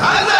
ala